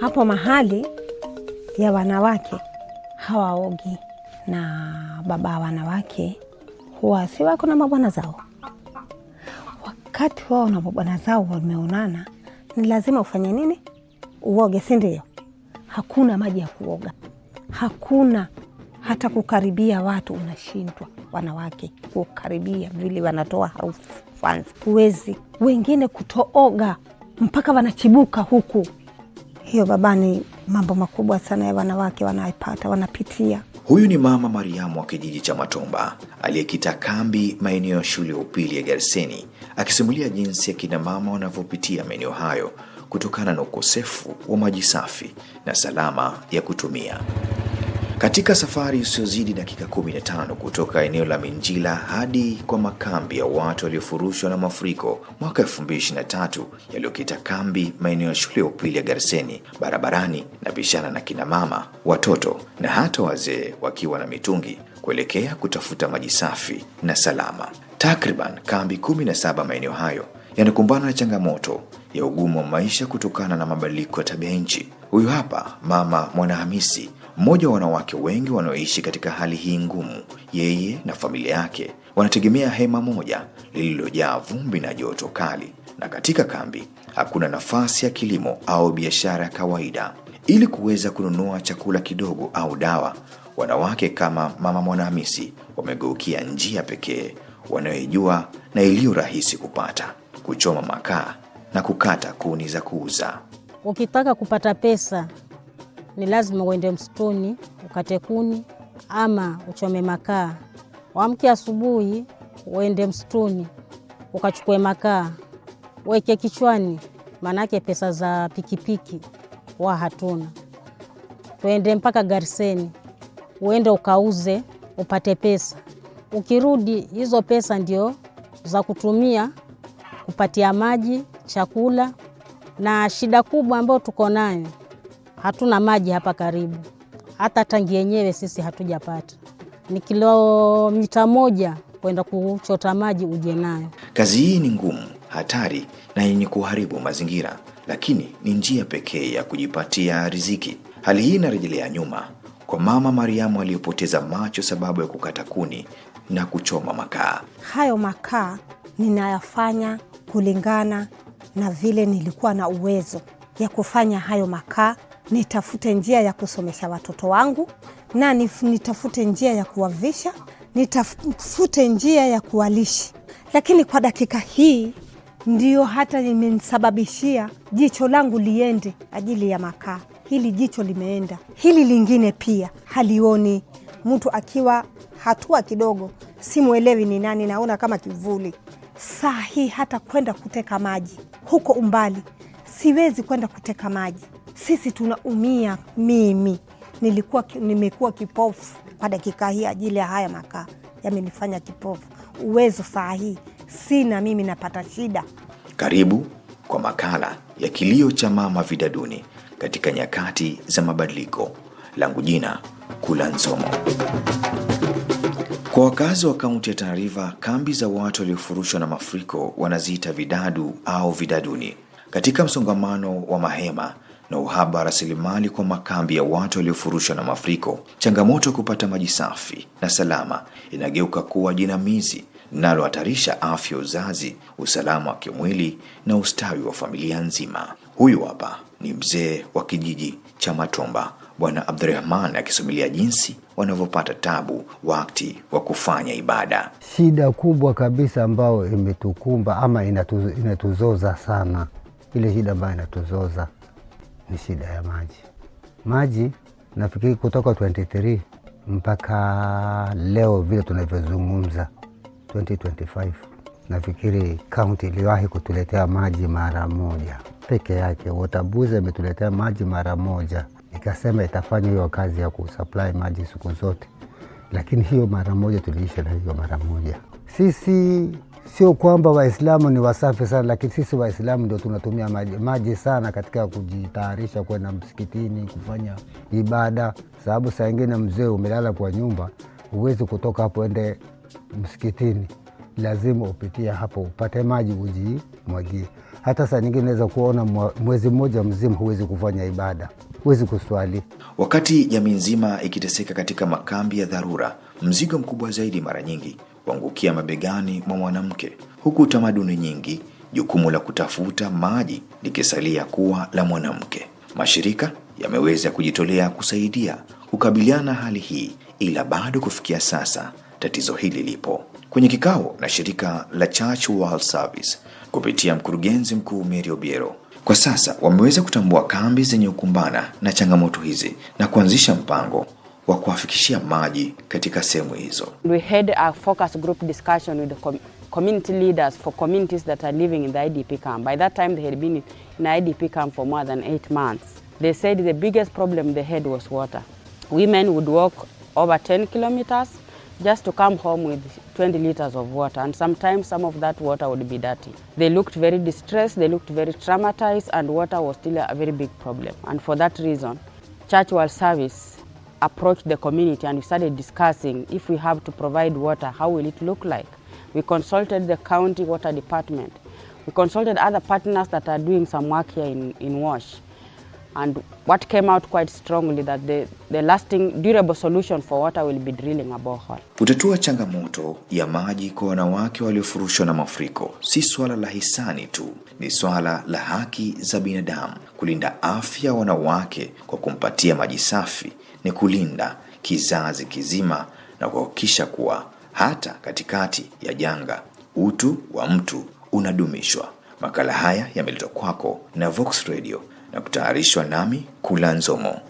hapo mahali ya wanawake hawaogi na baba wanawake huwa si wako na mabwana zao. Wakati wao na mabwana zao wameonana, ni lazima ufanye nini? Uoge, si ndio? Hakuna maji ya kuoga, hakuna hata kukaribia watu, unashindwa wanawake kukaribia, vile wanatoa harufu kwanza. Huwezi wengine kutooga mpaka wanachibuka huku hiyo baba ni mambo makubwa sana ya wanawake wanayopata wanapitia. Huyu ni mama Mariamu wa kijiji cha Matomba aliyekita kambi maeneo ya shule ya upili ya Garseni, akisimulia jinsi ya kina mama wanavyopitia maeneo hayo kutokana na ukosefu wa maji safi na salama ya kutumia katika safari isiyozidi dakika 15 kutoka eneo la Minjila hadi kwa makambi ya watu waliofurushwa na mafuriko mwaka 2023 yaliyokita kambi maeneo ya shule ya upili ya Garseni, barabarani na bishana na kina mama, watoto na hata wazee wakiwa na mitungi kuelekea kutafuta maji safi na salama. Takriban kambi 17 maeneo hayo yanakumbana na changamoto ya ugumu wa maisha kutokana na mabadiliko ya tabia nchi. Huyu hapa Mama Mwanahamisi mmoja wa wanawake wengi wanaoishi katika hali hii ngumu, yeye na familia yake wanategemea hema moja lililojaa vumbi na joto kali, na katika kambi hakuna nafasi ya kilimo au biashara ya kawaida. Ili kuweza kununua chakula kidogo au dawa, wanawake kama Mama Mwanahamisi wamegeukia njia pekee wanayoijua na iliyo rahisi kupata: kuchoma makaa na kukata kuni za kuuza. Ukitaka kupata pesa ni lazima uende msituni ukate kuni ama uchome makaa. wamke asubuhi, uende msituni ukachukue makaa weke kichwani, maanake pesa za pikipiki wa hatuna. Tuende mpaka gariseni uende ukauze upate pesa. Ukirudi hizo pesa ndio za kutumia kupatia maji, chakula na shida kubwa ambayo tuko nayo hatuna maji hapa karibu, hata tangi yenyewe sisi hatujapata. Ni kilomita moja kwenda kuchota maji uje nayo. Kazi hii ni ngumu, hatari na yenye kuharibu mazingira, lakini ni njia pekee ya kujipatia riziki. Hali hii inarejelea nyuma kwa mama Mariamu aliyopoteza macho sababu ya kukata kuni na kuchoma makaa. Hayo makaa ninayafanya kulingana na vile nilikuwa na uwezo ya kufanya hayo makaa nitafute njia ya kusomesha watoto wangu na nitafute njia ya kuwavisha, nitafute njia ya kuwalishi. Lakini kwa dakika hii ndiyo hata imenisababishia jicho langu liende ajili ya makaa. Hili jicho limeenda, hili lingine pia halioni. Mtu akiwa hatua kidogo simwelewi ni nani, naona kama kivuli. Saa hii hata kwenda kuteka maji huko umbali siwezi kwenda kuteka maji sisi tunaumia. Mimi nilikuwa nimekuwa kipofu kwa dakika hii, ajili ya haya makaa yamenifanya kipofu. Uwezo saa hii sina mimi, napata shida. Karibu kwa makala ya kilio cha mama vidaduni katika nyakati za mabadiliko, langu jina Kula Nzomo. Kwa wakazi wa kaunti ya Tana River, kambi za watu waliofurushwa na mafuriko wanaziita vidadu au vidaduni. Katika msongamano wa mahema na uhaba wa rasilimali kwa makambi ya watu waliofurushwa na mafuriko, changamoto ya kupata maji safi na salama inageuka kuwa jinamizi linalohatarisha afya uzazi, usalama wa kimwili na ustawi wa familia nzima. Huyu hapa ni mzee wa kijiji cha Matomba, Bwana Abdurahman akisimulia jinsi wanavyopata tabu wakati wa kufanya ibada. Shida kubwa kabisa ambayo imetukumba ama inatuzoza sana, ile shida ambayo inatuzoza ni shida ya maji. Maji nafikiri kutoka 23 mpaka leo vile tunavyozungumza 2025, nafikiri kaunti iliwahi kutuletea maji mara moja peke yake. Watabuze ametuletea maji mara moja, ikasema itafanya hiyo kazi ya kusupply maji siku zote, lakini hiyo mara moja tuliisha na hiyo mara moja sisi Sio kwamba Waislamu ni wasafi sana, lakini sisi Waislamu ndio tunatumia maji, maji sana katika kujitayarisha kwenda msikitini kufanya ibada, sababu saa ingine mzee umelala kwa nyumba, huwezi kutoka hapo ende msikitini, lazima upitia hapo upate maji ujimwagie. Hata saa nyingine naweza kuona mwezi mmoja mzima huwezi kufanya ibada, huwezi kuswali. Wakati jamii nzima ikiteseka katika makambi ya dharura, mzigo mkubwa zaidi mara nyingi kuangukia mabegani mwa mwanamke, huku tamaduni nyingi jukumu la kutafuta maji likisalia kuwa la mwanamke. Mashirika yameweza kujitolea kusaidia kukabiliana hali hii, ila bado kufikia sasa tatizo hili lipo. Kwenye kikao na shirika la Church World Service kupitia mkurugenzi mkuu Mary Obiero, kwa sasa wameweza kutambua kambi zenye kukumbana na changamoto hizi na kuanzisha mpango wa kuwafikishia maji katika sehemu hizo. We had a focus group discussion with the community leaders for communities that are living in the IDP camp. By that time they had been in IDP camp for more than eight months. They said the biggest problem they had was water. Women would walk over 10 kilometers just to come home with 20 liters of water and sometimes some of that water would be dirty. They looked very distressed, they looked very traumatized and water was still a very big problem. And for that reason, church world service approached the community and we started discussing if we have to provide water, how will it look like? We consulted the county water department. We consulted other partners that are doing some work here in, in Wash. And what came out quite strongly that the, the lasting durable solution for water will be drilling a borehole. Kutatua changamoto ya maji kwa wanawake waliofurushwa na mafuriko si swala la hisani tu, ni swala la haki za binadamu, kulinda afya wanawake kwa kumpatia maji safi ni kulinda kizazi kizima na kuhakikisha kuwa hata katikati ya janga utu wa mtu unadumishwa. Makala haya yameletwa kwako na Vox Radio na kutayarishwa nami Kula Nzomo.